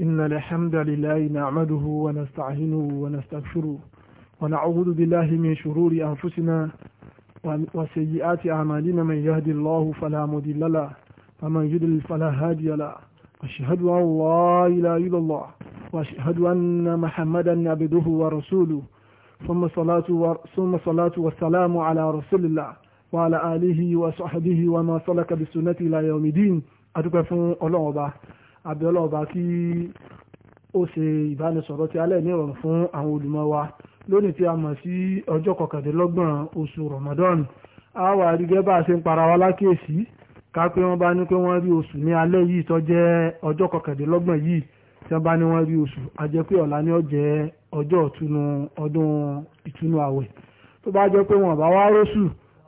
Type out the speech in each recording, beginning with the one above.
إن الحمد لله نعمده ونستعينه ونستغفره ونعوذ بالله من شرور أنفسنا وسيئات أعمالنا من يهدي الله فلا مضل له ومن يضلل فلا هادي له أشهد أن لا إله إلا الله وأشهد أن محمدا عبده ورسوله ثم صلاة ثم صلاة والسلام على رسول الله وعلى آله وصحبه وما سلك بسنته إلى يوم الدين أتوقف الله abiola ọba kí ó ṣe ìbánisọ̀rọ̀ tí alẹ́ ní ìrọ̀rùn fún àwọn olùmọ̀ wa lónìí tí a mọ̀ sí ọjọ́ kọkàndínlọ́gbọ̀n oṣù ramadan a wà rí gẹ́gẹ́ bá a ṣe ń para wa lákèésí ká pé wọ́n bá ní pé wọ́n rí oṣù ní alẹ́ yìí tó jẹ́ ọjọ́ kọkàndínlọ́gbọ̀n yìí tí wọ́n bá ní wọ́n rí oṣù a jẹ́ pé ọ̀la ni ó jẹ́ ọjọ́ ìtúnu ọdún ìtúnu àwẹ̀ tó bá jẹ́ pé wọn bá wá róṣù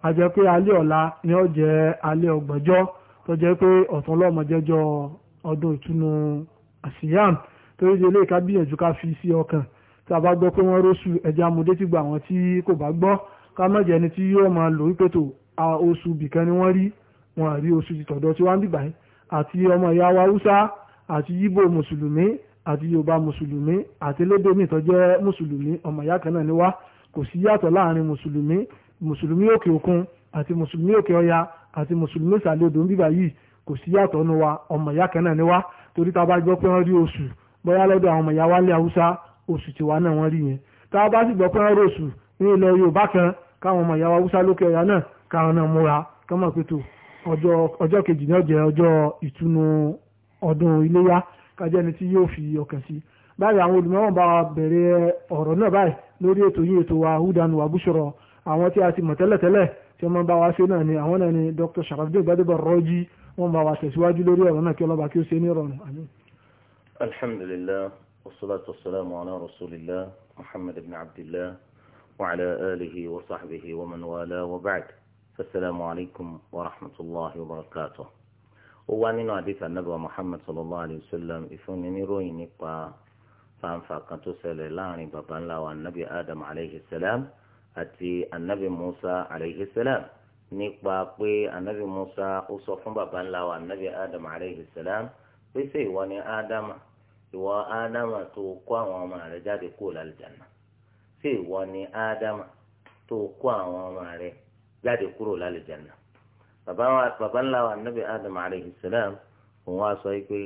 a jẹ́ pé alẹ́ ọ̀la ni ó jẹ́ alẹ́ ọgbọ̀njọ́ tó jẹ́ pé ọ̀tún lọ́mọ jẹ́jọ́ ọdún ìtúnu àṣìyàn torí di eléyìí ká gbìyànjú ká fi sí ọkàn tí a bá gbọ́ pé wọ́n róṣù ẹja amúdé ti gbà wọ́n tí kò bá gbọ́ ká má jẹ́ ẹni tí yóò máa lò wípé tó oṣù bìkan ni wọ́n rí wọn àrí oṣù ti tọ̀dọ̀ tí wọ́n ń dìgbà yìí àti ọmọ ìyá wa haúsá àti yíbò mùsùlùmí àti yorùbá mùsùlùmí àti lédè míì tó mùsùlùmí ọmọ ìyá kan náà ni wá kò sí yàtọ̀ láàrin mùsùlùmí mùsùlùmí òkè òkun àti mùsùlùmí òkè ọya àti mùsùlùmí ìsàlẹ̀ odò ń bíbá yìí kò sí yàtọ̀ nu wa ọmọ ìyá kan náà ni wá torí tá a bá gbọ́ pé wọ́n rí oṣù bóyá lọ́dọ̀ àwọn ọmọ ìyá wálé haúsá oṣù tiwa náà wọ́n rí yẹn tá a bá sì gbọ́ pé wọ́n rí oṣù ní ilẹ̀ yorùbá kan káwọn ọmọ ìyá haúsá lókè ọ̀yà náà káwọn náà múra kọ́mọ̀ pé tó ọjọ́ kejì náà jẹ́ ọjọ́ ìtúnu ọdún iléyá kájẹ́ni tí yóò fi ọkàn sí báyìí àwọn olùmọ̀ràn bá bẹ̀rẹ̀ ọ̀rọ̀ náà báyìí lórí ètò yìí ètò wa húdanu àbúṣọrọ̀ àwọn tí a ti mọ̀ tẹ́lẹ̀tẹ́lẹ̀ tí wọ́n bá wá sí náà ni àwọn náà ni Dr. Sharafdin gbadebo rọ́jí wọ́n bá wa tẹ̀síwájú lórí ọ̀rọ̀ náà kí ọlọ́ba kí ó ṣe ní ìrọ̀rùn. alhamdulillah wasalaatu wasalaamu ala rasulillah muhammad ibn abdillah wa ala alihi wa sahbihi wa man wala wa ba'd fasalaamu alaykum wa rahmatulahi wa barakatuh. ó wá nínú àdìsá nàbà muhammad sallallahu alayhi wa sallam ìfúnni níròyìn nípa fàǹfà kan tó ṣẹlẹ̀ láàrin baba ńlá wa nabi adam alayhi salam àti anabi musa alayhi salam. nípa pé anabi musa ó sọ fún baba ńlá wa anabi adam aleyhi salam pé ṣé ìwọ ni adama ìwọ adama tó kó àwọn ọmọ rẹ jáde kúrò lálùjáná ṣé ìwọ ni adama tó kó àwọn ọmọ rẹ jáde kúrò lálùjáná baba ńlá wa anabi adam aleyhi salam òun á sọ pé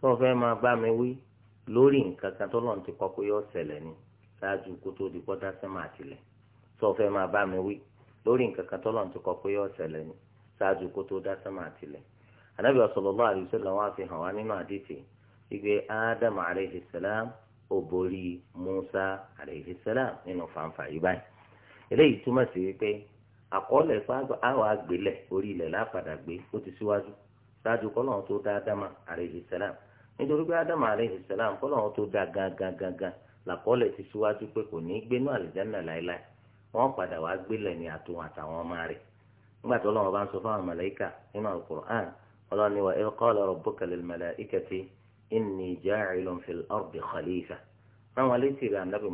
tó fẹ́ máa bá mi wí lórí nǹkan kan tó lọ́n ti kọ́ pé yóò ṣẹlẹ̀ ni ṣáájú kó tó di pọ́tà sẹ́mà àtìlẹ̀ tó fẹ́ máa bá mi wí. lórí nǹkan kan tọ́lọ́run ti kọ pé yóò ṣẹlẹ̀ ni ṣáájú kó tó dá sánmà tilẹ̀. anábì sallallahu alaihi wasallam wá fi nínú ádámù borí musa nínú fàǹfà yìí báyìí eléyìí túmọ̀ sí wípé àkọọ́lẹ̀ fáwọn àwọn àgbélẹ̀ orí ilẹ̀ gbé ó ti síwájú ṣáájú tó dá ádámù wọ́n padà wá gbélé ní àtúwọn àtàwọn ọmọ rẹ̀ nígbà tó lọ́wọ́ bá ń sọ fún àwọn nínú al-Qur'an ni wa idh qala rabbuka lil nfe inni ja'ilun fil ardi khalifa náwọn alétí rẹ̀ ànábì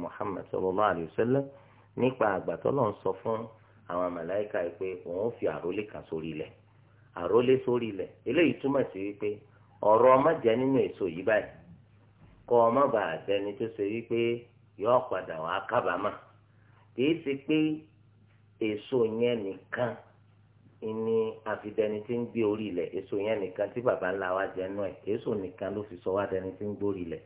alayhi nípa àgbà tó lọ́n sọ fún àwọn pé òun fi àrólé kan sórí ilẹ̀ àrólé sórí ilẹ̀ eléyìí túmọ̀ sí wípé ọ̀rọ̀ nínú èso yìí báyìí kọ́ kìí ṣe pé èso yẹn nìkan ni àfidẹni tí ń gbé orí ilẹ̀ èso yẹn nìkan tí baba ńlá wa jẹ nù ẹ̀ èso nìkan ló fi sọ wá dẹni tí ń gbórí ilẹ̀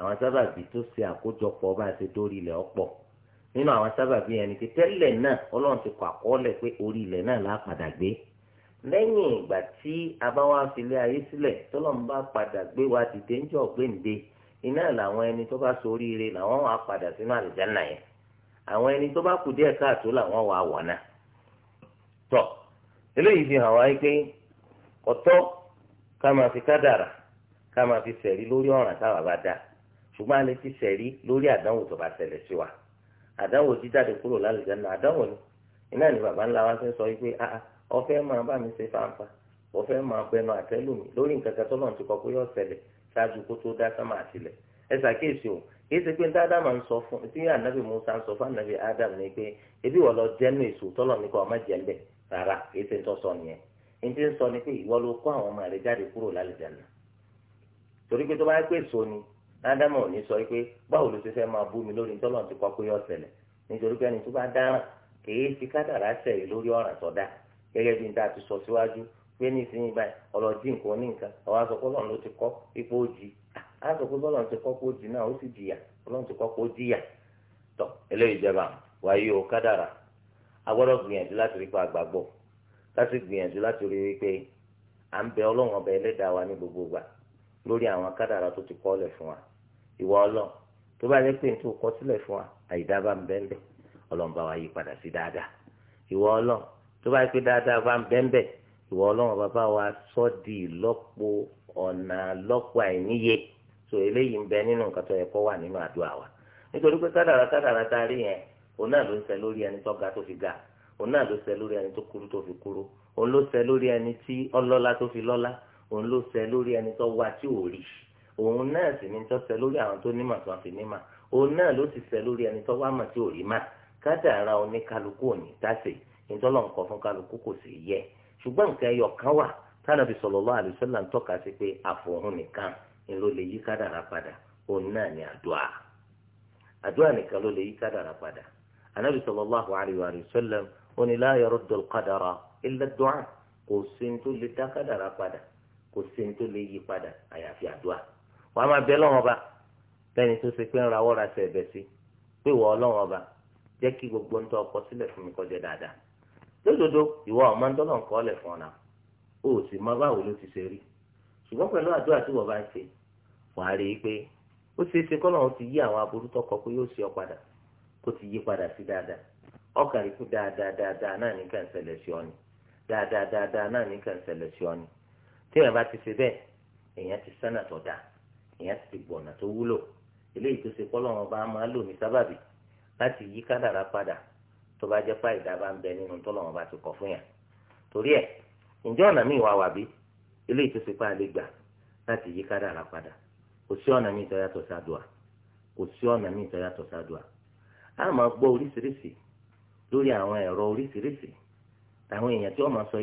àwọn sábàbí tó ṣe àkójọpọ̀ bá ṣe dórí ilẹ̀ ọ̀pọ̀ nínú àwọn sábàbí yẹn ni pé tẹ́lẹ̀ náà ọlọ́run ti kọ àkọọ́lẹ̀ pé orí ilẹ̀ náà lá padà gbé lẹ́yìn ìgbà tí a bá ayé sílẹ̀ tọ́lọ́run bá padà gbé wa dìde ń jọ gbéǹde iná làwọn ẹni tó bá soríire làwọn wà padà sínú àlùjáná yẹn àwọn ẹni tó bá kù díẹ̀ káàtó làwọn wà wọ̀ náà tọ̀ eléyìí fi hàn wáyé pé ọ̀tọ̀ ká máa fi kádàrà ká máa fi sẹ̀rí lórí ọ̀ràn táwa bá dá ṣùgbọ́n a lè fi sẹ̀rí lórí àdánwò tó bá ṣẹlẹ̀ sí wa àdánwò jíjáde kúrò lálùjáná àdánwò ni iná ni bàbá ńlá wa fi sọ wípé ọfẹ́ máa bá mi ṣe fáńfà ọfẹ́ máa bẹnu àtẹ́lù mi lórí nǹkan kan tó lọ́n ti kọ pé yọ ṣẹlẹ̀ ṣáájú kó tó dá sánmà àtìlẹ̀ ẹ ṣàkíyèsí o kì í ṣe pé dáadáa máa ń sọ fún tí ànábì Musa ń sọ fún ànábì Adam ni pé ebi wọ́n lọ jẹ́nu èso tọ́lọ̀ ní kó ọmọ jẹ́lẹ̀ rárá kì í ṣe ń tọ́ nìyẹn ní ti ń sọ ni pé ìwọ ló kó àwọn ọmọ rẹ jáde kúrò torí pé tó so ni Ádámù ò ní sọ pé báwo ló ṣe fẹ́ máa bú mi ta ti sọ síwájú pé nísìnyí báyìí nǹkan ní nǹkan ọ̀wá á sọ pé bọ́lá ti kọ́kọ́ di náà ó sì jìyà ọlọ́run ti kọ́kọ́ jìyà tọ̀ eléyìí jẹba wáyé o kádàrà a gbọ́dọ̀ gbìyànjú láti rí pa àgbàgbọ́ láti gbìyànjú láti rí wípé à ń bẹ ọlọ́run ọba ẹlẹ́dàá wa ní gbogbo gbà lórí àwọn kádàrà tó ti kọ́lẹ̀ fún wa ìwọ ọlọ́run tó bá yẹ pé n tó kọ sílẹ̀ fún wa àyídá bá ń bẹ́ńbẹ́ ọlọ́run wa yí padà sí dáadáa ìwọ ọlọ́run tó bá yẹ pé dáadáa bá ń bẹ́ńbẹ́ ìwọ ọlọ́run bàbá wa sọ́ di ìlọ́po ọ̀nà àìníye so eléyìí ń bẹ nínú nǹkan tó yẹ kó wà nínú àdúrà wa nítorí pé kádàrà kádàrà tá a rí yẹn òun náà ló ń ṣe lórí ẹni tó ga tó fi ga òun náà ló ṣe lórí ẹni tó kúrú tó fi kúrú òun ló ṣe lórí ẹni tí ọlọ́lá tó fi lọ́lá òun ló ṣe lórí ẹni tó wá tí ò rí òun náà sì ní tó ṣe lórí àwọn tó nímọ̀ tó fi nímọ̀ òun náà ló sì ṣe lórí ẹni tó wá mọ̀ tí ò rí mà kádàrà oníkálukú òní dáṣe ìtọ́lọ̀ fún kálukú kò sì yẹ ṣùgbọ́n nǹkan ẹyọ kan wà tánàbí sallallahu alaihi ni ló lè yí kádàrá padà òun náà ni àdúrà àdúrà nìkan ló lè yí kádàrá padà anabi sallallahu alayhi wa sallam ó ní la yaruddu al-qadara illa ad-du'a kò sí ní tó lè dá kádàrá padà kò sí ní tó lè yí padà àyàfi àdúrà wàá máa bẹ lọ́wọ́ bá lẹ́ni tó ṣe pé ń rawọ́ ra ṣe ẹ̀bẹ̀ sí pé ìwọ ọlọ́wọ́ bá jẹ́ kí gbogbo ń tọ́ ọkọ sílẹ̀ fún mi kọjá dáadáa lódodo ìwọ ọmọ ń dọ́lọ̀ kọ́ ọ lẹ̀ fún ọ náà o sì mọ báwo ló ti ṣe rí ṣùgbọ́n pẹ̀lú àdúrà tí wọ́n bá ń ṣe wàá rí i pé ó ṣeé ṣe kọ́nà ti yí àwọn aburú tọkọ pé yóò ṣe ọ padà kó ti yí padà sí dáadáa ọ ni dáadáa dáadáa náà ní kàn ṣẹlẹ̀ sí ni tí èèyàn bá ti ṣe bẹ́ẹ̀ èèyàn ti sánà tó dáa èèyàn ti gbọ̀nà tó wúlò ọba máa lò ní sábàbí láti yí kádàrá padà tó bá jẹ́ ti kọ̀ fún yàn torí ẹ̀ ǹjẹ́ ọ̀nà míì wà wà bí eléyìí tó ṣe kò sí ọ̀nà míì tó sádùá kò sí ọ̀nà sádùá a máa gbọ́ oríṣiríṣi lórí àwọn ẹ̀rọ oríṣiríṣi àwọn èèyàn tí wọ́n sọ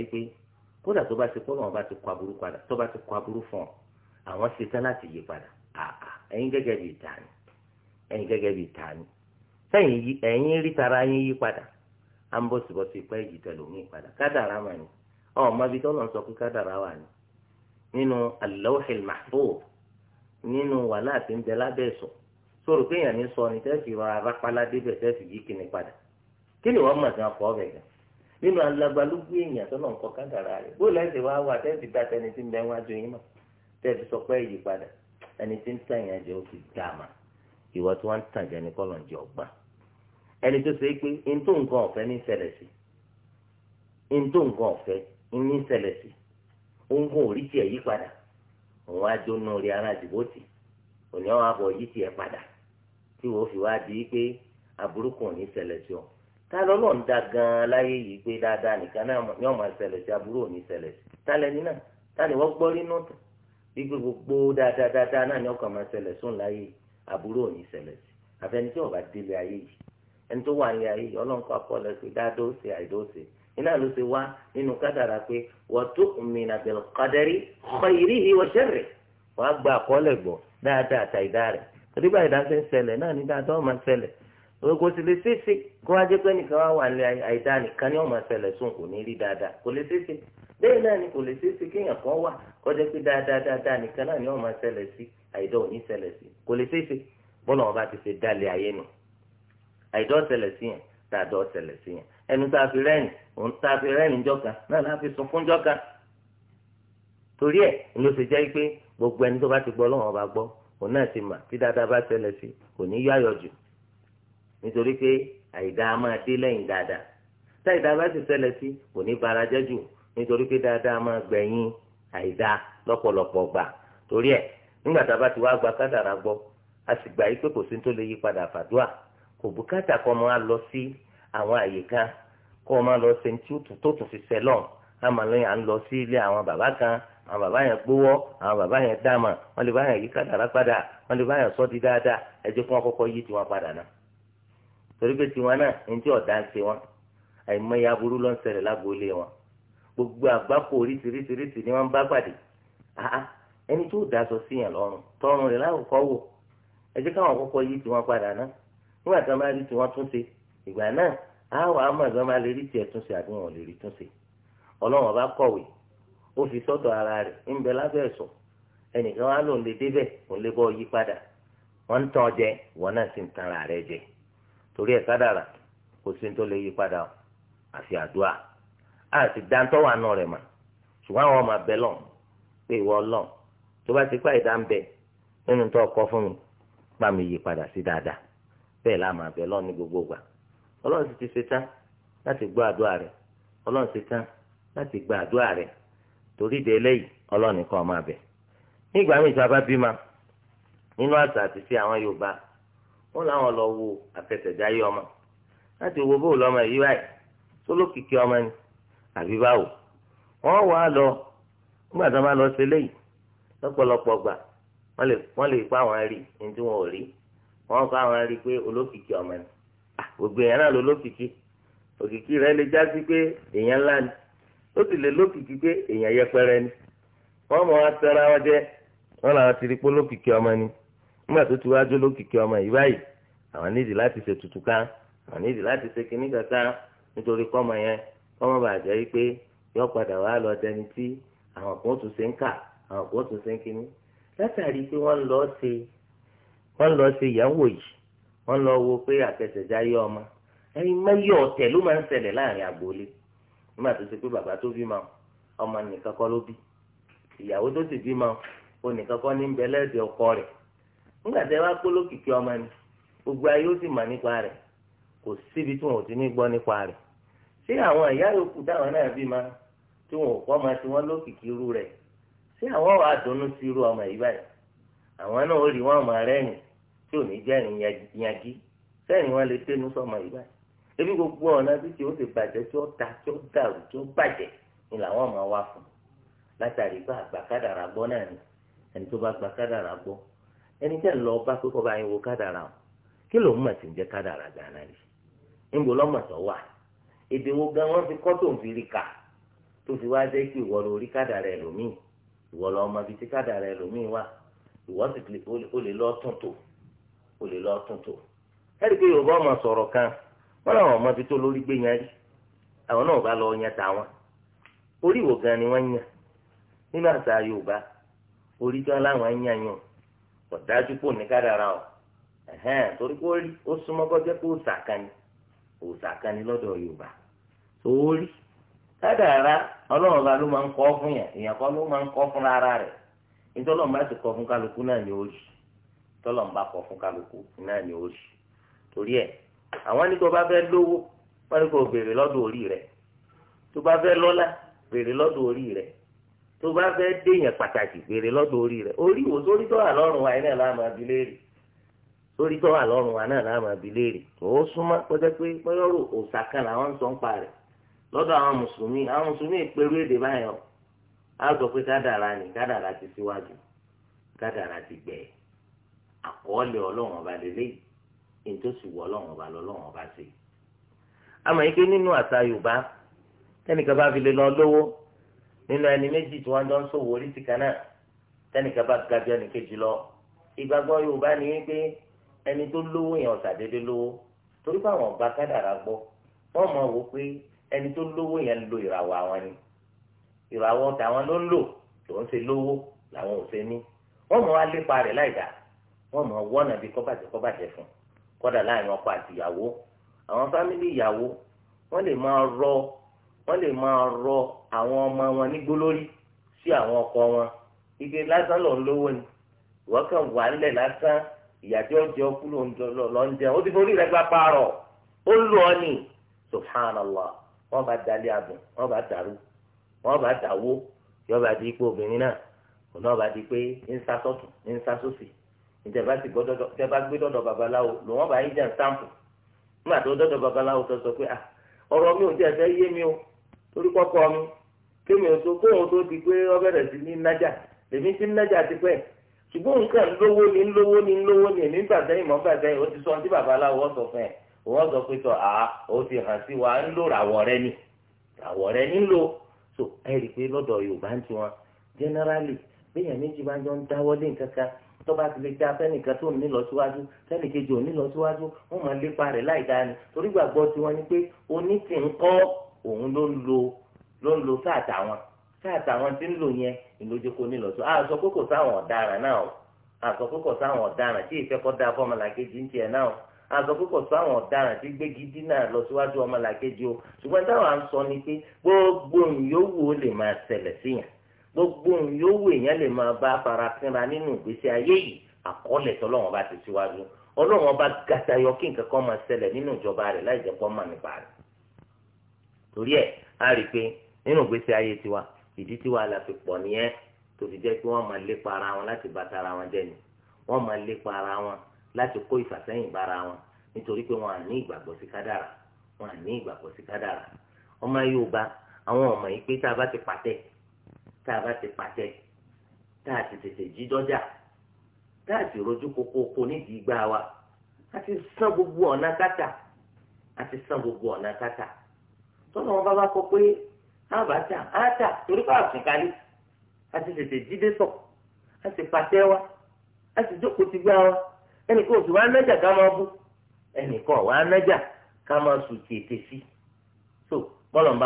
kódà tó bá ti kọ́ wọn bá ti kọ aburú padà tó bá ti kọ aburú fún ọ àwọn ṣe tán láti yí padà ẹ̀yin gẹ́gẹ́ bíi tani ẹ̀yin gẹ́gẹ́ bíi tani sẹ́yìn ẹ̀yin rí tara yín yí padà à ń bọ̀sibọ̀si pẹ́ yìí tẹ̀lé padà kádàrá mà ní nínú wàhálà tí ń bẹ lábẹ́ ẹ̀sọ̀ sọ̀rọ̀ pé ní sọ ni tẹ́sí rọra rápálá débẹ̀ tẹ́sí yìí kìíní padà kí ni wọ́n mọ̀ sí ọkọ̀ ọ̀bẹ̀ gan nínú alágbálúgbú èèyàn tó náà ń kọ kádàrá rẹ̀ bó lẹ́sẹ̀ wá wà tẹ́sí dá tẹni tí ń bẹ wájú yín mọ̀ tẹ́sí sọ pé èyí padà ẹni tí ń tàn yẹn jẹ́ ó ti dá a mà ìwọ tí wọ́n tàn jẹ́ ni kọ́ lọ́n jẹ́ ọgbà ẹni tó ṣe é pé n tó nǹkan ọ̀fẹ́ ní ṣẹlẹ̀ sí òun á jóná orí ara jìbòtì òní àwọn abọ̀ yìí tiẹ̀ padà tí fi wá di pé aburú kan ní ṣẹlẹ̀ sí ọ tá lọ ń da gan láyé yìí pé dáadáa ni sí aburú sí tá ni gbogbo dáadáa dáadáa náà ni ọkàn máa ṣẹlẹ̀ sóun láyé aburú òní sí ọba délé ayé yìí ẹni tó wà ní iná ló ti wá nínú kádàrà pé wa tu'mina bil qadari khayrihi wa sharrihi wàá gba àkọọ́lẹ̀ gbọ́ dáadáa àtàìdá rẹ̀ torí báyìí dáa ṣe ń ṣẹlẹ̀ náà ní dáadáa ọ̀ ṣẹlẹ̀ kò sì lè ṣeéṣe kó wá jẹ́ pé nìkan wá wà ní àìdá nìkan ní ọ̀ ṣẹlẹ̀ sùn kò ní rí dáadáa kò lè ṣeéṣe ni kò lè kan wà kó jẹ́ pé ẹnu tá a fi rẹ́ẹ̀nì òun tá a fi rẹ́ẹ̀nì jọ́ka náà láti sọ fún jọ́ka torí ẹ̀ ló ṣe jẹ́ pé gbogbo ẹni tó bá ti gbọ́ lọ́wọ́ bá gbọ́ òun náà ti mà tí dáadáa bá ṣẹlẹ̀ sí kò ní yọ àyọ̀jù nítorí pé àìdá a máa dé lẹ́yìn dáadáa tá àìdá bá ti ṣẹlẹ̀ sí kò ní bara jẹ́ jù nítorí pé dáadáa a máa gbẹ̀yìn àìdá lọ́pọ̀lọpọ̀ gbà torí ẹ̀ nígbà tá a bá ti wá gba kádàrá gbọ́ a sì gbà yí pé kò sí tó lè yí padà fàdúà kò bùkátà kọ́ mọ́ á lọ sí àwọn àyè kan kó o máa lọ ṣe tí ó tó tún fi ṣẹ lọ́n àmọ́ lóyún à ń lọ sí ilé àwọn bàbá kan àwọn bàbá yẹn gbówó àwọn bàbá yẹn dáàmà wọ́n lè bá yẹn yí kádàrá padà wọ́n lè bá yẹn sọ́ di dáadáa ẹ jẹ́ kí wọ́n kọ́kọ́ yí tiwọn padà náà torí pé tiwọn náà ń tí ọ̀dà ń ṣe wọn àìmọye aburú ló ń ṣẹlẹ̀ lágboolé wọn gbogbo àgbákò oríṣiríṣiríṣi ni wọ́n bá pàdé ẹni tó daṣọ sí yẹn lọ́rùn tọrùn rẹ̀ láwùkọ́ wò ẹ jẹ́ káwọn kọ́kọ́ yí tiwọn padà náà nígbà tí wọ́n bá rí tiwọn tún ṣe ìgbà náà àwọn amọ̀gbọ́n máa lè rí tiẹ̀ túnṣe àbí wọn ò lè rí túnṣe ọlọ́wọ́n bá kọ̀wé ó fi sọ́dọ̀ ara rẹ̀ ń bẹ lábẹ́ ẹ̀sọ́ ẹnìkan wá lòun lè débẹ̀ òun lè bọ́ yí padà wọ́n ń tàn jẹ wọn náà sì ń tan ara rẹ̀ jẹ torí ẹ̀ kádàrà kò sí tó lè yí padà àfi àdúrà àti dáńtọ́ wà nù rẹ̀ mà ṣùgbọ́n àwọn ọmọ abẹ́ lọ́n pé ìwọ lọ́n tó bá ti pa ìdá ń bẹ nínú tó kọ́ fún mi pa yí padà sí dáadáa bẹ́ẹ̀ láàmú ọlọ́run sì ti ṣe tán láti gbọ́ àdúrà rẹ̀ ọlọ́run ṣe tán láti gba àdúrà rẹ̀ torí de eléyìí ọlọ́run nìkan máa bẹ̀. nígbà míì tí a bá bímọ nínú àṣà àti sí àwọn yorùbá wọn làwọn lọ wo àfẹsẹ̀dáyé ọmọ láti wo bóòlù ọmọ yìí wáyé sólókìkí ọmọ ni àbí báwo wọn wà á lọ nígbà tí wọn bá lọ sí eléyìí lọ́pọ̀lọpọ̀ gbà wọn lè pa àwọn rí ní tí wọn ò rí wọn kọ àwọn rí pé olókìkí ọmọ ni gbogbo èèyàn náà ló lókìkí òkìkí rẹ lè já sí pé èèyàn ńlá ni ó sì lè lókìkí pé èèyàn yẹpẹrẹ ni wọ́n mọ̀ wá tẹ́ra wọn jẹ́ wọ́n làwọn ti rí pé lókìkí ọmọ ni nígbà tó ti wájú lókìkí ọmọ yìí báyìí àwọn nídìí láti ṣe tutù ká àwọn nídìí láti ṣe kíní kankan nítorí kọ́mọ yẹn kọ́mọ bàjẹ́ yìí pé yọ padà wá lọ dẹni tí àwọn kan tún ṣe ń kà àwọn kan tún ṣe ń kíní látàrí pé wọ́n lọ ṣe wọ́n lọ ṣe ìyàwó yìí wọn lọ wo pé àtẹ̀sẹ̀já yọ ọmọ ẹni mẹ́yọ̀ ọtẹ ló máa ń ṣẹlẹ̀ láàrin agboolé nígbà tó ṣe pé bàbá tó bímọ ọmọ nìkan ló bí ìyàwó tó bímọ kọ ní ọkọ rẹ̀ nígbà wá ọmọ ni gbogbo ayé ó sì mà nípa rẹ̀ kò síbi tí wọn ò ti ní nípa rẹ̀ ṣé àwọn ìyá yòókù táwọn náà bímọ tí wọn ò kọ́ ọmọ tí wọ́n lókìkí irú rẹ̀ ṣé àwọn wàá dunnú tí ò ní jẹ́rìn yanjú sẹ́yìn wọn lè dénú sọmọ ìgbà ebi gbogbo ọ̀nà títí ó ti bàjẹ́ tí ó ta tí ó dàrú tí ó bàjẹ́ ni làwọn ọmọ wá fún látàrí bá àgbà kádàrà gbọ́ náà ni ẹni tó bá gba gbọ́ ẹni tẹ́ lọ bá pé kọ́ bá yín wo kádàrà o kí ló ń mọ̀ sí ń jẹ́ kádàrà gánà rí níbo wà wà sì o lè lọ tuntun ẹ̀rí pé yorùbá ọmọ sọ̀rọ̀ kan wọn làwọn ọmọ fi tó lórí gbé yẹn rí àwọn náà bá lọ yẹn ta wọn orí wo gan ni wọ́n yàn nínú àṣà yorùbá orí gan láwọn yàn yàn ọ̀dájú pò ní kádàrà o ẹ̀hẹ́n torí pé orí ó súnmọ́ kọjá pé òòsà kan lọ́dọ̀ yorùbá orí kádàrà ọlọ́run bá ló máa ń kọ́ fún kan ló máa ń kọ́ fún tọ́lọ̀ ń bá kọ fún kálukú náà ni ó rí torí ẹ àwọn ní kó bá fẹ́ lówó wọ́n béèrè orí rẹ tó bá fẹ́ lọ́lá béèrè orí tó bá déèyàn pàtàkì béèrè lọ́dọ̀ orí rẹ orí wo sórí tó wà lọ́rùn wa náà láàmú abiléèrè sórí tó wà wa náà láàmú ni kádàrà ti síwájú kádàrà ti àkọọ́lẹ̀ ọlọ́run ọba lélẹ̀ yìí tó sì wọ ọlọ́run ọba lọ́lọ́run ọba sí i. àmọ́ ike nínú àṣà yorùbá tẹnìkan bá fi lè lọ lówó nínú ẹni méjì tí wọ́n jọ ń ṣòwò orí ti kan tẹnìkan bá ga jọ ẹnìkejì lọ ìgbàgbọ́ yorùbá ni pé ẹni tó lówó yẹn ọ̀sàdédé lówó torí pé àwọn ọba kádàrá gbọ́ wọ́n mọ̀ wò pé ẹni tó lówó yẹn ń lo ìràwọ̀ àwọn ni ìràwọ̀ tàwọn ló ń lò lòún ṣe lówó làwọn ò ṣe ní wọ́n mọ̀ wá lépa rẹ̀ láì dáa wọ́n máa wọ́nà bí kọ́bàjẹ́ kọ́bàjẹ́ fún kọ́dà láàrin ọkọ àti ìyàwó àwọn fámìlì ìyàwó wọ́n lè máa rọ wọ́n lè máa rọ àwọn ọmọ wọn ní gbólórí sí àwọn ọkọ wọn ike lásán lọ ń lówó ni ìwọ́n kàn wà ńlẹ̀ lásán ìyàjọ́ jẹ́ ọkú lọ ń jẹ ó ti forí rẹ̀ gbá pààrọ̀ ó lù ọ́ ni subhanallah wọ́n bá dalẹ̀ àbùn wọ́n bá dàrú wọ́n bá dàwó yọba di ipò obìnrin náà òun náà bá di pé ń sá sọ́tún ń sá sósì ìjẹba ti gbọdọdọ tẹba gbé babaláwo bá yín sáǹpù nígbà tó babaláwo tó sọ pé à ah, ọ̀rọ̀ mi ò o torí kọkọ mi kémi ò tó kóhun tó di pé bẹ̀rẹ̀ sí ní nájà ti nájà ti pẹ́ ṣùgbọ́n nǹkan ni lówó ni lówó ni èmi ti sọ ní babaláwo sọ fún ẹ òun sọ pé àá ó ti hàn sí wa ńlò ràwọ̀ rẹ ni tó bá ti lè kí afẹ́nìkan tó ní lọ síwájú fẹ́nìkejì ò ní lọ síwájú wọ́n máa lépa rẹ̀ láì dáa ni torí gbàgbọ́ tiwọn ni pé oní ti ń kọ́ òun ló ń lo ló ń lo sáà tàwọn sáà tàwọn ti ń lò yẹn ìlójókòó ní lọ síwájú àṣọ kókò sáwọn ọ̀daràn náà àṣọ kókò sáwọn ọ̀daràn tí ìfẹ́kọ́ da fọ́mọlàkejì ń tiẹ̀ náà àzọ púpọ̀ sọ àwọn ọ̀daràn tí gbégi dínà lọ síwájú ọmọlàkejì o ṣùgbọ́n táwọn à ń sọ ni pé gbogbo ìyówù ó lè máa ṣẹlẹ̀ síyàn gbogbo yòówù èèyàn lè máa bá farafinra nínú ìgbésí ayé yìí àkọọ́lẹ̀ tọ́lọ́wọ́n bá ti síwájú ọlọ́wọ́n bá gàtayọ kí nǹkan kan máa ṣẹlẹ̀ nínú ìjọba rẹ̀ láì jẹ́ pọ́n mà nípa rẹ̀ torí ẹ̀ á rí i pé nínú ìgbésí ayé tiwa ìdí tiwa la fi pọ̀ nìyẹn tó fi jẹ́ pé wọ́n máa lépa ara wọn láti bàtà ara wọn jẹ́ ni wọ́n máa lépa ara wọn láti kó ìfàsẹ́yìn bára wọn nítorí pé wọn à ní ìgbàgbọ́ sí kádàrà wọn à ní ìgbàgbọ́ sí kádàrà ọmọ Yorùbá àwọn ọmọ yìí pé tá a bá ti tá a bá ti pàṣẹ tá a ti tètè jí dọ́jà ti rojú nídìí wa a ti san gbogbo ọ̀nà kátà a ti san gbogbo ọ̀nà kátà tọ́nà wọn bá bá kọ pé àbàtà àtà torí pé àtúnkálí a ti tètè jí dé sọ a ti wa a ti jókòó ti gbá wa ẹnì kan òsì wa anájà ká máa bú ẹnì kama wa ká máa sùn tètè sí so bọ́lọ̀ ń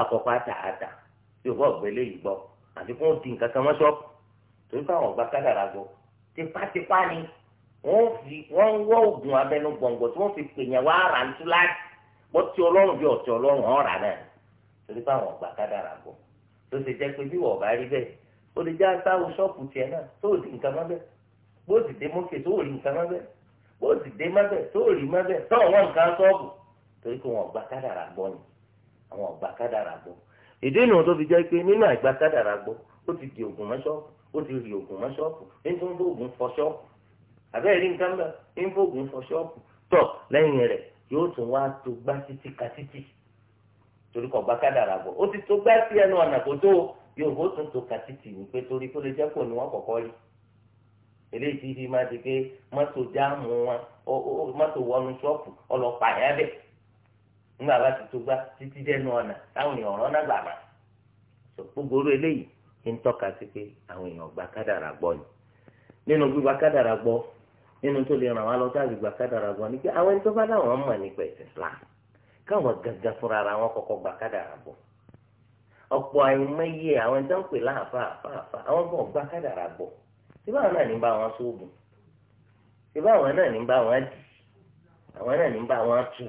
bá àti kó ń di nǹkan kan mọ́ ṣọ́ọ̀bù torí báwọn ọ̀gbá kádàrà gbọ́ tipátipá ni wọ́n fi wọ́n ń wọ́ oògùn abẹnú gbọ̀ngàn tí wọ́n fi pè yẹn wá rà ń tú láti bó ti ọlọ́run bí ọ̀tí ọlọ́run ọ̀ rà náà torí báwọn ọ̀gbá kádàrà gbọ́ tó ṣe jẹ́ pé bí wọ́n bá rí bẹ́ẹ̀ ó lè já sáwọ ṣọ́ọ̀bù tiẹ̀ náà tó di nǹkan mọ́ bẹ́ẹ̀ bó ti dé mókè tó rí nǹkan mọ́ bẹ́ẹ̀ bó ti dé mọ́ bẹ́ẹ̀ tó rí mọ́ bẹ́ẹ̀ tó àwọn nǹkan ṣọ́ọ̀bù torí pé wọn ọ̀gbá kádàrà gbọ́ ni àwọn ọ̀gbá kádàrà gbọ́ ìdí ìnù tó fi jẹ́ pé nínú àgbà kádàrà gbọ́ ó ti di oògùn mọ́ ṣọ́ọ̀bù ó ti rí oògùn mọ́ ṣọ́ọ̀bù nítorí ó ń fọ ṣọ́ọ̀bù àbẹ́ẹ̀ rí nǹkan bá fọ lẹ́yìn rẹ̀ yóò tún wá tó gbá ka títí torí gbá gbọ́ ó ti tó gbá sí ẹnu ọ̀nà ka ní torí kó lè jẹ́ kó wọ́n kọ̀kọ́ rí eléyìí ti fi mọ́tò wọn mọ́tò wọnú ọlọ́pàá yẹn nígbà bá ti tó gbá títí dẹnu ọ̀nà táwọn èèyàn ọ̀rọ̀ náà gbà má sọ eléyìí ń tọ́ka sí pé àwọn èèyàn gba kádàrà gbọ́ ni nínú gbígba kádàrà gbọ́ nínú tó lè ràn wá lọ kádàrà gbọ́ ni pé àwọn ẹni tó bá dáwọn mọ̀ nípa ẹ̀sìn káwọn gangan fúnra ara wọn gba kádàrà gbọ́ ọ̀pọ̀ àìmọye àwọn ẹni tó ń pè àwọn gba kádàrà gbọ́ náà ní bá wọn sóògùn náà ní bá wọn dì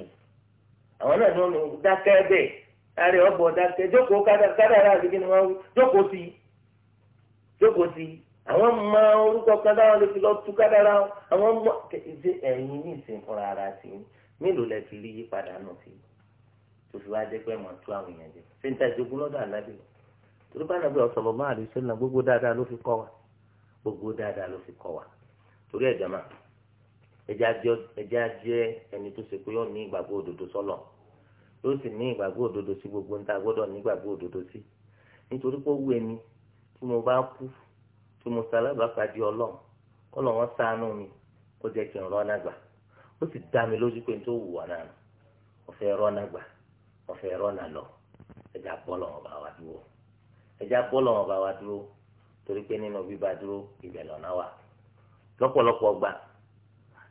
àwọn náà ni wọn dákẹ́ bẹ́ẹ̀ láàrin ọgbọ dákẹ́ jókòó kádàrá àti ni wọ́n jókòó sí jókòó sí àwọn mọ orúkọ kádàrá lọ tú kádàrá àwọn mọ ní ìsìn fúnra ara sí mélòó lẹ ti rí yípadà náà sí tó fi wá jẹ pé mọ̀ tú àwọn èèyàn jẹ ṣé n ta ìjogún fi wa gbogbo dáadáa ló fi wa ẹja jẹ ẹni tó ṣe pé yóò ní ìgbàgbọ́ òdodo sọ́lọ̀ yóò sì ní ìgbàgbọ́ òdodo sí gbogbo níta gbọ́dọ̀ ní ìgbàgbọ́ òdodo sí nítorí pé ó wù ẹni tí mo bá kú tí mo ṣalábàápàdé ọlọ́run ọlọ́run wọn ṣàánú mi ó jẹ́ kí n rọ́nà gbà ó sì dá mi lójú pé n tó wù wọ́n náà ọ̀fẹ́ rọ́nà gbà ọ̀fẹ́ rọ́nà lọ ẹja bọ́lọ̀ wọn wa dúró ẹja bọ́lọ̀ wọn wa dúró torí pé nínú bíbá dúró ìbẹ̀lọ̀ náà wà lọ́pọ̀lọpọ̀ gbà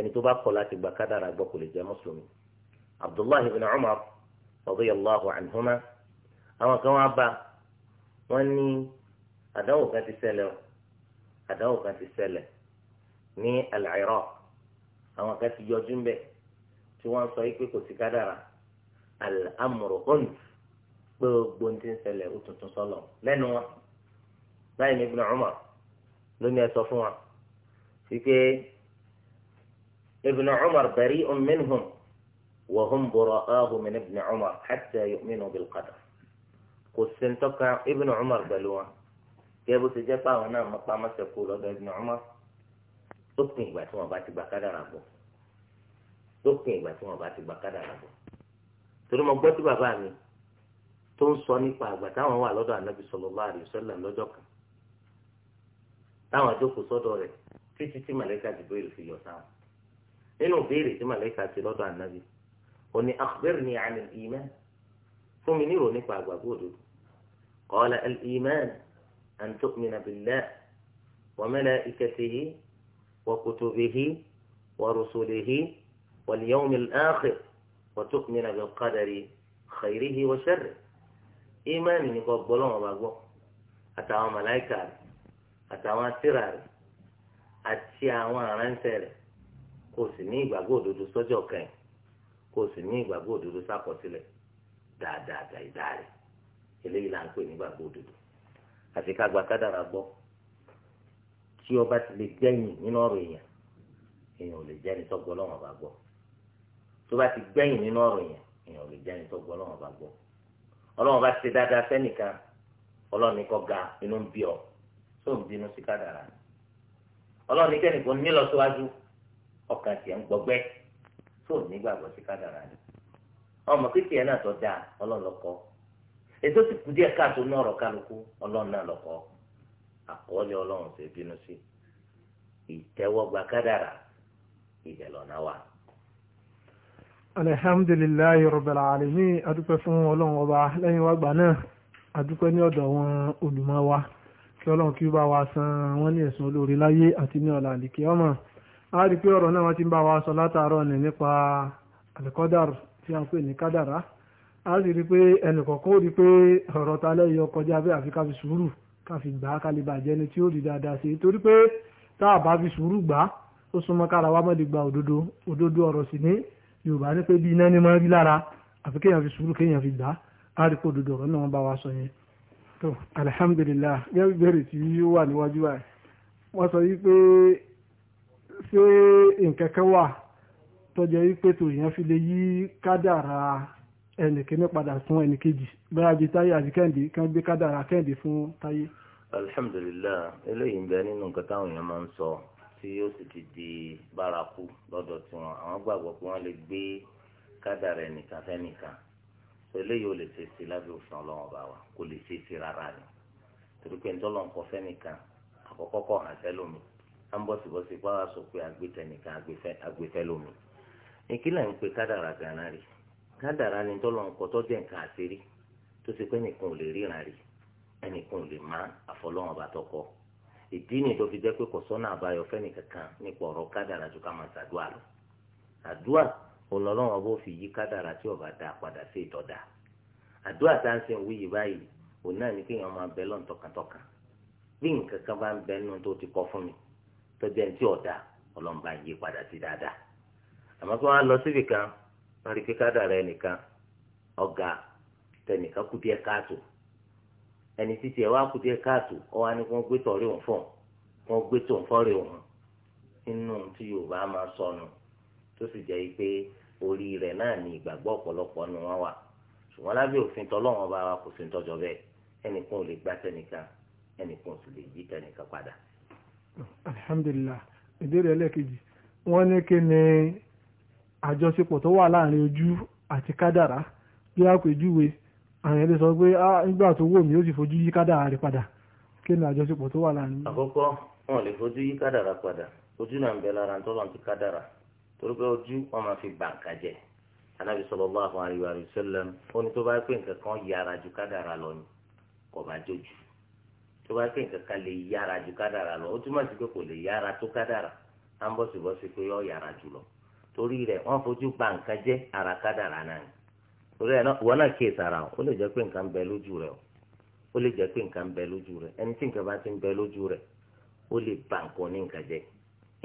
ẹni tó bá kọ̀ láti gba kádàrà gbọ́ kò lè jẹ́ mùsùlùmí abdullahi ibn umar radiyallahu anhuma àwọn kan wá bá wọn ní àdánwò kan ti ṣẹlẹ̀ o àdánwò kan ti ṣẹlẹ̀ ní al-Iraq àwọn kan ti yọjú ń bẹ̀ tí wọ́n sọ yìí pé kò sí kádàrà al-amru unf gbogbo ti ń ṣẹlẹ̀ ó tuntun sọlọ lẹ́nu wọn báyìí ní ibn umar lónìí ẹ sọ fún wa wípé. ابن عمر بريء منهم وهم براءاه من ابن عمر حتى يؤمنوا بالقدر قسنتك ابن عمر بلوا كيف سجتا هنا مقام سيقول ابن عمر تبقي باتوا باتي بكذا ربو lópin ìgbà tí ti gbà kádàrà bọ torí mo gbọ́ tí bàbá mi tó ń sọ nípa àgbà táwọn wà lọ́dọ̀ ànábì sallallahu alaihi wasallam lọ́jọ́ kan إنه بيري تما ليك عتلاط عن النبي وني أخبرني عن الإيمان فمن يرو نفع وجوده قال الإيمان أن تؤمن بالله وملائكته وكتبه ورسله واليوم الآخر وتؤمن بالقدر خيره وشره إيمان يقبله ما بقوا أتعامل ملائكة أتعامل سرار أتشي أعوان kò sì ní ìgbàgbọ́ òdodo sọ́jọ́ kan kò sì ní ìgbàgbọ́ òdodo sákọsílẹ̀ dáadáa dáadáa rẹ̀ eléyìí là ń pè ní ìgbàgbọ́ òdodo àfi ká gba kádàrà gbọ́ tí ọba ti lè gbẹ̀yìn nínú ọ̀rọ̀ èèyàn èèyàn ò lè jẹ́ni tó gbọ́ lọ́wọ́ bá gbọ́ tó bá ti gbẹ̀yìn nínú ọ̀rọ̀ èèyàn èèyàn ò lè jẹ́ni tó gbọ́ lọ́wọ́ bá gbọ́ ọlọ́wọ́ bá ti ṣe dáadáa fẹ́nìkan ọlọ́ọ̀ni kọ́ ga inú ń bí ọ tó ń bínú sí kádàrà ọlọ́ọ̀ni kẹ́nìkan nílọ síwájú ọkàn tiẹ̀ ń gbọgbẹ́ tó nígbàgbọ́ sí kádàrá ni ọmọ kékeré náà tó dáa ọlọ́run lọ́kọ́ ètò ti kú díẹ̀ káàtó ní ọ̀rọ̀ kálukú ọlọ́run náà lọ́kọ́ àkọọ́lẹ̀ ọlọ́run ṣe bínú sí ìtẹ́wọ́gbà kádàrá ibẹ̀ lọ́nà wà. alhamdulilayi rabbil alamin adúpẹ́ fún ọlọ́run ọba lẹ́yìn wàgbà náà adúpẹ́ ní ọ̀dọ̀ wọn olùmọ̀ wa kí ọlọ́run kí ó bá wa san wọ́n ní ẹ̀sùn olóore láyé àti ní ọ̀la àlìkè ọmọ a rí pé ọ̀rọ̀ náà wọ́n ti ń bá wa sọ látàárọ̀ ní nípa àlùkọ́dàrú tí a ń pè ní kádàrá a sì rí pé ẹnìkọ̀ọ̀kan ó rí pé ọ̀rọ̀ ta lẹ́yìn ọkọjá bẹ́ẹ̀ àfi ká fi sùúrù ká fi gbà á ká lè bàjẹ́ ni tí ó rí dáadáa sí i torí pé tá a bá fi sùúrù gbà á ó súnmọ́ kára wa mọ́ di gba òdodo òdodo ọ̀rọ̀ sì ní yorùbá ní pé bí iná ní mọ́ rí lára àfi kéèyàn fi sùúrù kéèyàn fi gbà á a rí pé òdodo ọ̀rọ̀ náà wọ́n bá wa sọ yẹn tó alhamdulillah gẹ́gẹ́ bí bẹ̀rẹ̀ tí ó wà níwájú wa wọ́n sọ yí pé ṣé nǹkan kan wà tó jẹ́ wípé tòyìn fi lè yí kádàrà ẹnìkíní padà fún ẹnìkejì bóyá bíi táyé àti kẹ́hìndé kan gbé kádàrà kẹ́hìndé fún táyé. alhamdulilayi eléyìí ń bẹ nínú nǹkan táwọn èèyàn máa ń sọ tí yóò sì ti di bárakú lọ́dọ̀ tiwọn àwọn gbàgbọ́ pé wọ́n lè gbé kádàrà ẹnìkan fẹ́nìkan eléyìí ò lè ṣe sí lábẹ́ òfin ọlọ́run ọba wa kò lè ṣe sí rárá ni torí pé ntọ́lọ́nkọ fẹ́nìkan àkọ́kọ́ kọ̀ hàn sẹ́lómi à ń bọ̀sibọ̀si pa wá sọ pé àgbẹ̀tẹ̀nìkan àgbẹ̀fẹ́ lómi ìkílẹ̀ ń pe kádàrà gánà rí kádàrà ni tọ́lọ̀ ń kọ́ tọ́jú nǹkan àṣírí tó ti pé nìkan ò lè ríran rí ẹnìkan ò lè má àfọlọ́wọn bá tọkọ ìdí ni tó fi jẹ́ pé kò sọ́nà àbáyọ fẹ́ni kankan nípa ọ̀rọ̀ kádàrà ju ká máa ṣàdúrà lọ àdúrà òǹlọ́lọ́wọ́n bó fi yí kádàrà tí ọ̀bà dá padà sí ìtọ́dà àdúrà tá à ń sìn wíyì báyìí òun náà ni kéèyàn máa bẹ lọ́n tọkàntọkàn bí nǹkan kan bá ń bẹ nínú tó ti kọ́ fún mi tọ́jú ẹni tí ọ̀dà ọlọ́mọba yí padà sí dáadáa àmọ́ kí wọ́n á lọ síbì kan wọ́n rí kíkádà rẹ nìkan ọ̀gá tẹnìkan kú díẹ̀ káàtó ẹni títí ẹ wá kú díẹ̀ káàtó ọ wá ní kí wọ́n gbé tọ̀rí òun fọ̀ wọ́n gbé tòun fọ́rí òun nínú tí Yorùbá máa sọnù tó sì jẹ́ pé orí rẹ̀ náà ní ìgbàgbọ́ ọ̀pọ̀lọpọ̀ nù wọn wà ṣùgbọ́n lábẹ́ òfin tọ́lọ́wọ́n bá wa kò sí tọ́jọ́ bẹ́ẹ̀ ẹnìkan ò lè gbá tẹnìkan ẹnìkan ò sì lè yí tẹnìkan padà alhamdulilah ìbéèrè ẹlẹ́kejì wọ́n ní kí ni àjọṣepọ̀ tó wà láàrin ojú àti kádàrá bí àpèjúwe àwọn ẹlẹ́sọ pé ah, nígbà tó wò mí ó sì fojú yí kádàrá rẹ padà kí ni àjọṣepọ̀ tó wà láàrin. àkọ́kọ́ wọn lè fojú yí kádàrá padà ojú náà ń bẹ lára ń tọ́lọ́ ti kádàrá torí pé ojú wọn máa fi bà nǹkan jẹ́ anábì sallallahu alaihi wa sallam ó ní tó bá pé nǹkan kan yára ju kádàrá lọ ni kò bá jójú tó bá pé nǹkan kan lè yára ju kádàrà lọ ó túmọ̀ sí pé kò lè yára tó kádàrà á ń bọ̀sibọ́sí pé yọ yára jù lọ torí rẹ̀ wọ́n fojú ba nǹkan jẹ́ ara kádàrà náà ni torí ẹ̀ wọ́n náà kíyè sára o ó lè jẹ́ pé nǹkan bẹ lójú rẹ̀ o ó lè jẹ́ pé nǹkan bẹ lójú rẹ̀ ẹni tí nǹkan bá ti ń bẹ lójú rẹ̀ ó lè ba nǹkan ní nǹkan jẹ́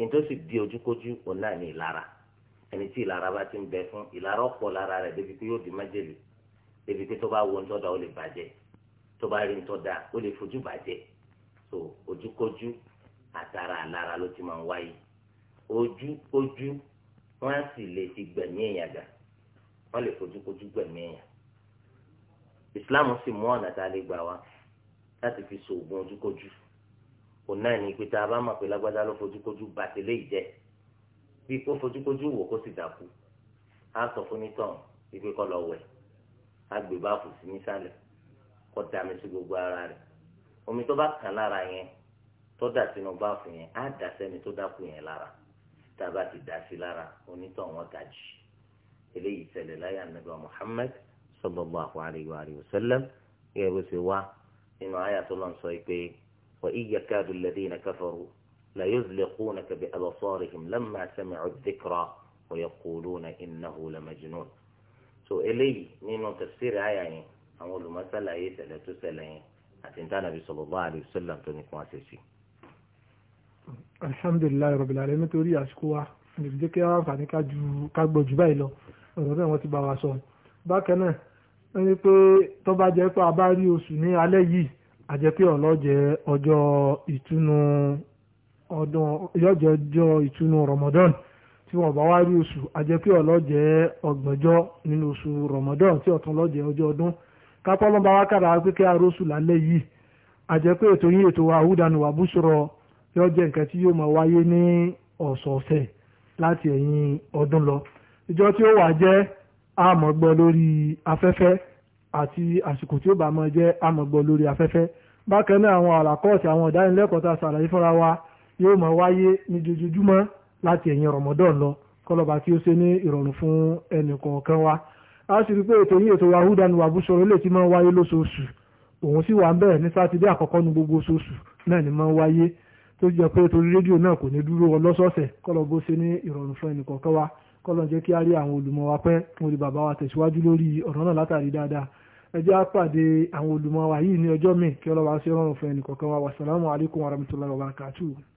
ẹni tó sì di ojúkójú òun náà ní ìlara ẹni tí ìlara bá ti ń bẹ fún ìlara ọ̀pọ̀ lára rẹ̀ débi pé yóò tó bá rí nítorí dáa ó lè fojú bàjẹ́ so ojúkójú àtàrà àlára ló ti máa ń wáyé ojúkójú wọn á sì lè fi gbẹ̀mí èèyàn dà wọn lè fojúkójú gbẹ̀mí èèyàn ìsìláàmù sì mú ọ̀nà tá a lè gbà wá láti fi ṣoògùn ojúkójú òun náà ní pé tá a bá mọ̀ pé lágbádá ló fojúkójú bá ti jẹ́ bí kó fojúkójú wò kó sì dàkú á sọ fún nítàn wípé lọ wẹ̀ á gbé báàfù sí nísàlẹ̀ kó dàmí sí gbogbo ara rẹ̀ omi tó bá kàn lára yẹn tó dà sínú báfù yẹn á dà sẹ́ni tó dákú yẹn lára tàbá ti dà sí lára onítọ̀ wọn gàjì eléyìí ṣẹlẹ̀ láyé ànábì Muhammad sallallahu alayhi wa sallam gẹ́gẹ́ bó ṣe wá nínú àyà tó lọ́n sọ pé wa iyyakadu alladhina kafaru la yuzliqunaka bi absarihim lamma sami'u adh-dhikra wa yaquluna innahu la majnun so eléyìí nínú tafsir àyà yẹn àwọn olùmọ̀sálàyé ìṣẹ̀lẹ̀ tó ṣẹlẹ̀ yẹn àti ní tànàbí sallallahu alaihi wasallam tó ní kí wọ́n ṣe sí. alhamdulilayi rabbil alamin nítorí àsìkò wa níbi jẹ́ kí wọ́n àǹfààní ká gbọ́ jù báyìí lọ ọ̀rọ̀ náà wọ́n ti bá wa sọ. bákan náà wọ́n ní pé tó bá jẹ́ pé a bá rí oṣù ní alẹ́ yìí àjẹpé ọlọ́jẹ ọjọ́ ìtúnu ọdún tí wọn bá wá rí oṣù àjẹpé ọlọ́jẹ ọgbọ̀njọ́ nínú oṣù Ramadan tí ọ̀tún lọ́jẹ ọjọ́ ọdún kápọ́lọ́ bá wákàrà pé kí arósù lálẹ́ yìí àjẹ́ pé ètò yín ètò àhúdànù àbúṣọrọ̀ yóò jẹ́ nǹkan tí yóò máa wáyé ní ọ̀sọ̀ọ̀sẹ̀ láti ẹ̀yìn ọdún lọ ìjọ tí ó wà jẹ́ àmọ̀gbọ́ lórí afẹ́fẹ́ àti àsìkò tí ó bá máa jẹ́ àmọ̀gbọ́ lórí afẹ́fẹ́ bákan náà àwọn àràkọ́ọ̀tì àwọn ìdánilẹ́kọ̀ọ́ tá a ṣàlàyé fúnra wa yóò máa wáyé ní jojoojúmọ́ láti ẹ̀yìn rọ̀mọ́dọ̀n lọ kọ́lọ́ba tí ó ṣe ní ìrọ̀rùn fún ẹnì wa a sì rí pé ètò yìí ètò wahudan wà búṣọrọ lè ti máa ń wáyé lóṣooṣù òun sì wà ń bẹ̀rẹ̀ ní sátidé àkọ́kọ́ ní gbogbo oṣooṣù náà ni máa ń wáyé tó jẹ́ pé torí rédíò náà kò ní dúró wọn lọ́sọ̀ọ̀sẹ̀ kọ́lọ̀ bó ṣe ní ìrọ̀rùn fún ẹnìkọ̀ọ̀kan wa kọ́lọ̀ jẹ́ kí á rí àwọn olùmọ̀ wa pẹ́ kí wọ́n bàbá wa tẹ̀síwájú lórí ọ̀rọ̀ náà látàrí dáadáa ẹ